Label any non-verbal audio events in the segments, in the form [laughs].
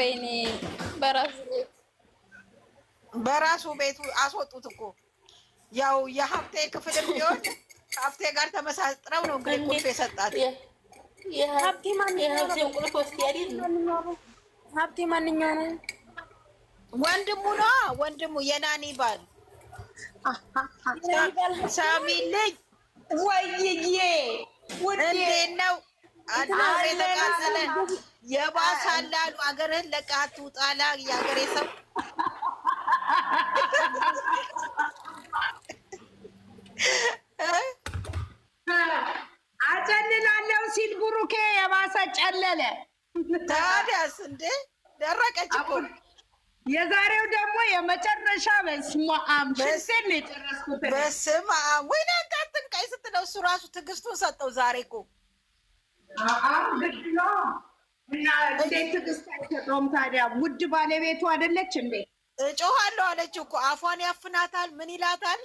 ወይኔ በራሱ ቤት በራሱ ቤቱ አስወጡት እኮ ያው የሀብቴ ክፍል ቢሆን ከሀብቴ ጋር ተመሳጥረው ነው እንግዲህ ቁልፍ የሰጣት። ሀብቴ ማንኛው ነው? ወንድሙ ነዋ። ወንድሙ የናኒ ባል ሳሚ ልጅ ወይዬ፣ እንዴት ነው አድማስ የተቃጠለን የባሳላሉ አገርህን ለቀህ አትውጣ አለ የአገሬ ሰው። አጨልላለሁ ሲል ቡሩኬ የባሰ ጨለለ። ታዲያስ እንዴ ደረቀች እኮ። የዛሬው ደግሞ የመጨረሻ በስመ አብ ሽንቴን ነው የጨረስኩት። በስመ አብ ወይኔ አንተ አትንቀኝ ስትለው እሱ ራሱ ትዕግስቱን ሰጠው። ዛሬ እኮ ግድ ነው እና እንዴት ትዕግስት አይሰጠውም ታዲያ? ውድ ባለቤቱ አይደለች እንዴ? እጮኋለሁ አለች እኮ አፏን ያፍናታል። ምን ይላታል?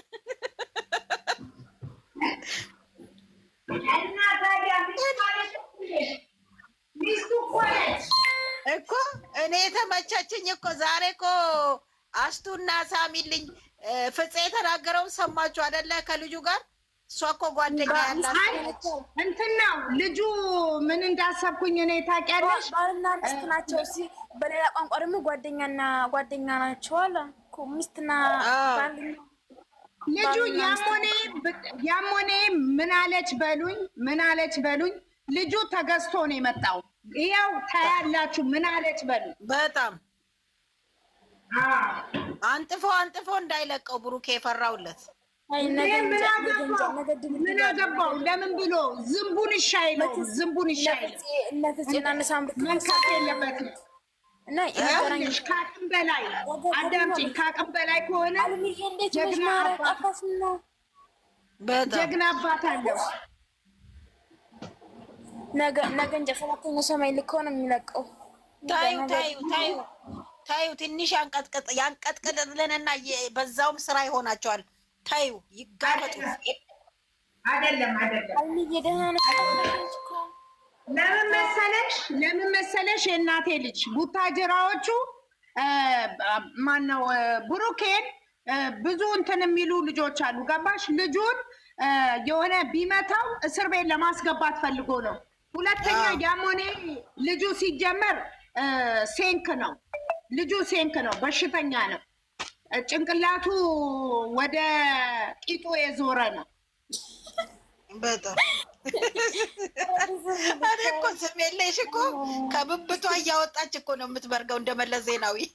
እኮ እኔ የተመቸችኝ እኮ ዛሬ እኮ አስቱና ሳሚልኝ ፍፄ የተናገረውን ሰማችሁ አደለ ከልጁ ጋር እሷ እኮ ጓደኛ ያላት እንትን ነው ልጁ ምን እንዳሰብኩኝ እኔ ታውቂያለሽ። ባልና ሚስት ናቸው። እስኪ በሌላ ቋንቋ ደግሞ ጓደኛና ጓደኛ ናቸው አለ እኮ ሚስትና ልጁ። ያሞኔ ያሞኔ ምን አለች በሉኝ፣ ምን አለች በሉኝ። ልጁ ተገዝቶ ነው የመጣው። ይኸው ታያላችሁ። ምን አለች በሉኝ። በጣም አንጥፎ አንጥፎ እንዳይለቀው ብሩኬ የፈራውለት ምን አገባው? ለምን ብሎ ዝንቡን ይሻይ ነው። ዝንቡን ይሻይ የለበትም። ከአቅም በላይ አዳምጪኝ። ከአቅም በላይ ከሆነ ጀግና አባት አለው። ነገ እንጃ ሰባተኛ ሰማይ ልክ ሆነ የሚለቀው ታዩ ታዩ ታዩ ታዩ። ትንሽ ያንቀጥቅጥ ያንቀጥቅጥልንና በዛውም ስራ ይሆናቸዋል። ታዩ ይጋፈጡ። አይደለም አይደለም፣ ለምን መሰለሽ ለምን መሰለሽ የእናቴ ልጅ ቡታጅራዎቹ ማነው ብሩኬን ብዙ እንትን የሚሉ ልጆች አሉ። ገባሽ? ልጁን የሆነ ቢመታው እስር ቤት ለማስገባት ፈልጎ ነው። ሁለተኛ ያሞኔ ልጁ ሲጀመር ሴንክ ነው። ልጁ ሴንክ ነው፣ በሽተኛ ነው። ጭንቅላቱ ወደ ቂጦ የዞረ ነው። በጣም እኔ እኮ ስም የለሽ እኮ ከብብቷ እያወጣች እኮ ነው የምትበርገው እንደመለስ ዜናዊ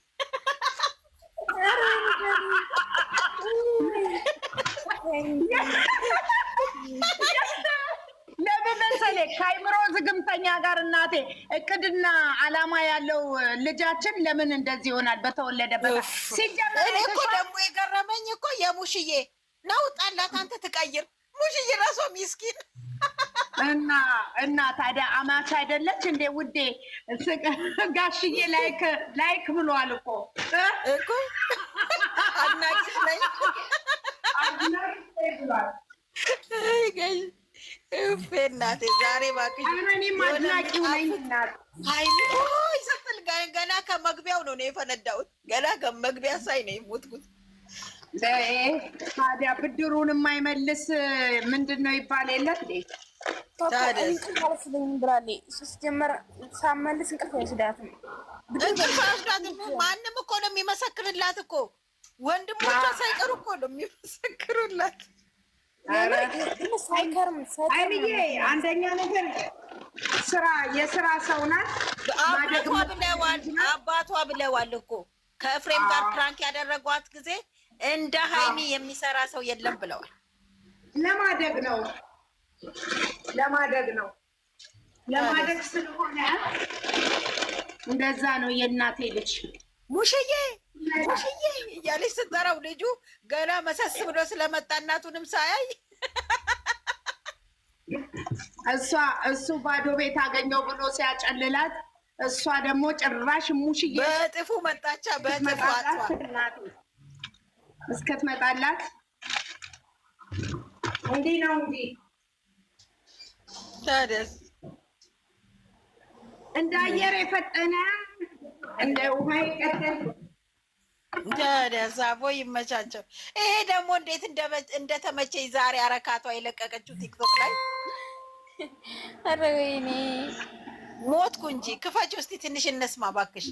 ከአይምሮ ዝግምተኛ ጋር እናቴ እቅድና አላማ ያለው ልጃችን ለምን እንደዚህ ይሆናል? በተወለደበት ሲጀመር እኮ ደግሞ የገረመኝ እኮ የሙሽዬ ነው። ጣላት አንተ ትቀይር ሙሽዬ ራሷ ሚስኪን እና እና ታዲያ አማች አይደለች እንዴ ውዴ? ጋሽዬ ላይክ ላይክ ብሏል እኮ እኮ አድናቂሽ ነኝ ብሏል። ክፌ እናቴ ዛሬ እባክሽ ገና ከመግቢያው ነው የፈነዳሁት። ገና ከመግቢያ ሳይ ነው የሞትኩት። ታዲያ ብድሩን የማይመልስ ምንድን ነው ይባል የለት ማንም እኮ ነው የሚመሰክርላት እኮ ወንድሞቿ ሳይቀሩ እኮ ነው የሚመሰክሩላት። አይምዬ አንደኛ ነገር ስራ የስራ ሰው ናት። አባቷ ብለዋል እኮ ከፍሬም ጋር ፕራንክ ያደረጓት ጊዜ እንደ ሀይሚ የሚሰራ ሰው የለም ብለዋል። ለማደግ ነው ለማደግ ነው ለማደግ ስለሆነ እንደዛ ነው። የእናቴ ልጅ ሙሽዬ ሙሽዬ እያለች ስትጠራው ልጁ ገና መሰስ ብሎ ስለመጣ እናቱንም ሳያይ እሷ እሱ ባዶ ቤት አገኘው ብሎ ሲያጨልላት እሷ ደግሞ ጭራሽ ሙሽዬ በጥፉ መጣቻ በጥፋት እስክትመጣላት እንዲህ ነው እንዲህ ታዲያስ እንደ አየር የፈጠነ እንደ ውሃ ይቀጥል ዛቦ ይመቻቸው። ይሄ ደግሞ እንዴት እንደተመቸኝ ዛሬ አረካቷ የለቀቀችው ቲክቶክ ላይ ኧረ ወይኔ ሞትኩ እንጂ። ክፈች እስኪ ትንሽ እነስማ እባክሽ።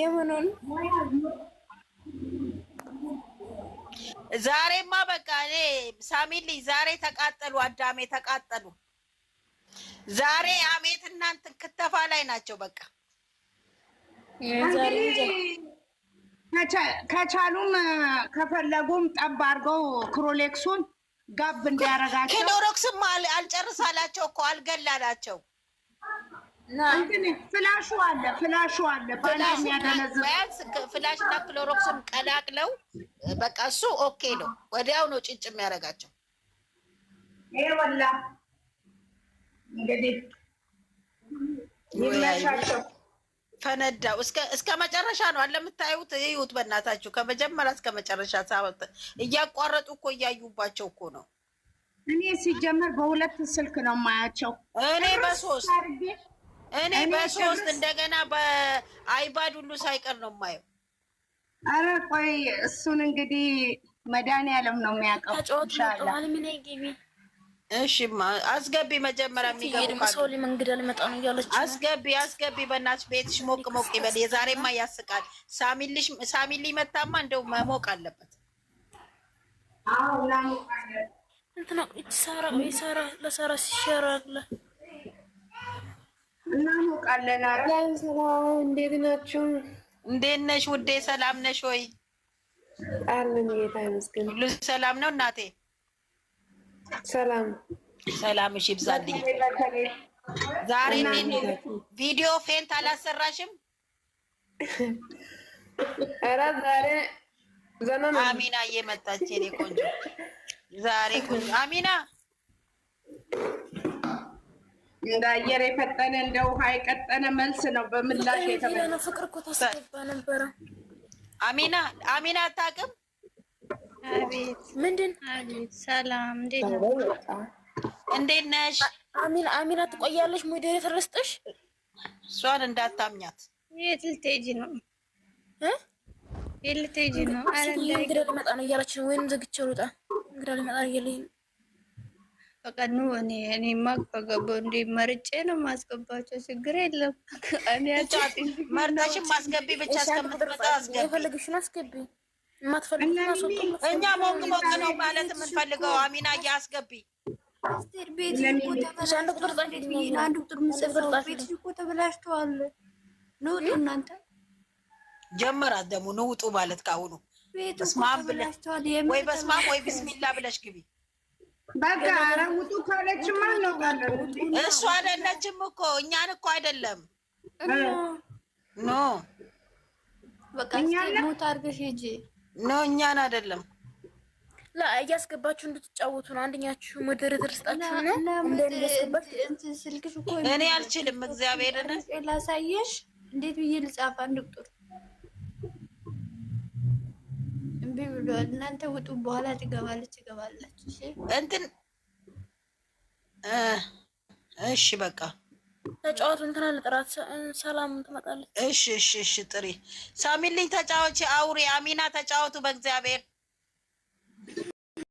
የምኑን ዛሬማ በቃ እኔ ሳሚልኝ ዛሬ ተቃጠሉ፣ አዳሜ ተቃጠሉ። ዛሬ አሜት እናንተ ክተፋ ላይ ናቸው በቃ ከቻሉም ከፈለጉም ጠብ አድርገው ክሮሌክሱን ጋብ እንዲያረጋቸው ክሎሮክስም አልጨርሳላቸው እኮ አልገላላቸው። ፍላሹ አለ ፍላሹ አለ ፍላሽና ክሎሮክስም ቀላቅለው በቃ እሱ ኦኬ ነው። ወዲያው ነው ጭንጭ የሚያረጋቸው። ይሄ ወላ እንግዲህ ይመሻቸው። ፈነዳው እስከ መጨረሻ ነው አለምታዩት፣ ይዩት። በእናታችሁ ከመጀመሪያ እስከ መጨረሻ እያቋረጡ እኮ እያዩባቸው እኮ ነው። እኔ ሲጀመር በሁለት ስልክ ነው ማያቸው። እኔ በሶስት እኔ በሶስት እንደገና በአይባድ ሁሉ ሳይቀር ነው ማየው። አረ ቆይ እሱን እንግዲህ መድኃኒዓለም ነው የሚያውቀው። እሺ አስገቢ። መጀመሪያ የሚገቡ እንግዳ ልመጣ ነው እያለች አስገቢ፣ አስገቢ። በእናትሽ ቤትሽ ሞቅ ሞቅ ይበል። የዛሬማ ያስቃል። ሳሚሊ መታማ እንደው መሞቅ አለበት። ለሳራ ሲሸራለ እናሞቃለን። እንዴት ናችሁ? እንዴት ነሽ ውዴ? ሰላም ነሽ ወይ? አለን። ጌታ ይመስገን። ሁሉ ሰላም ነው እናቴ ሰላም ሰላም። እሺ ይብዛልኝ። ዛሬ ቪዲዮ ፌንት አላሰራሽም? ኧረ ዛሬ ዘና ነው። አሚና እየመጣች የኔ ቆንጆ ዛሬ ቆንጆ አሚና እንደ አየር የፈጠነ እንደ ውሃ የቀጠነ መልስ ነው። በምላሽ የተመለሰ ፍቅር እኮ ታስገባ ነበረ። አሚና አሚና አታውቅም አቤት ምንድን አቤት ሰላም እንዴት ነሽ አሚና አሚና ትቆያለሽ ሞዴሬተር ልስጥሽ እሷን እንዳታምኛት የት ልትሄጂ ነው የት ልትሄጂ ነው እንግዳ ነው እያለች ነው ዘግቼ ልውጣ እንግዳ እያለኝ ነው በቃ ኑ እኔ መርጬ ነው ማስገባቸው ችግር የለም [laughs] እኔ ማስገቢ ብቻ እስከምትመጣ አስገቢ አስገቢ እኛ ሞቅ ሞቅ ነው ማለት የምንፈልገው። አሚና እያስገቢ ጀመራት ደግሞ ንውጡ ማለት ወይ ወይ ቢስሚላ ብለሽ ግቢ። በቃ ኧረ ውጡ ካለችማ እንወጣለን። እሱ አይደለችም እኮ እኛን እኮ አይደለም ኖ በቃ ሞት አድርገሽ ሂጂ ነው እኛን አይደለም ላ እያስገባችሁ እንድትጫወቱ ነው። አንደኛችሁ ምድርድር ስጣችሁ ነው። እኔ አልችልም። እግዚአብሔርን ላሳየሽ እንዴት ብዬ ልጻፍ? አንድ ቁጥር እምቢ ብሏል። እናንተ ውጡ፣ በኋላ ትገባለች ትገባላችሁ። እንትን እሺ፣ በቃ ተጫወቱ እንትን አለ ጥራት ሰላም ትመጣለች። እሺ እሺ እሺ ጥሪ ሳሚልኝ ተጫዋች አውሪ አሚና ተጫወቱ በእግዚአብሔር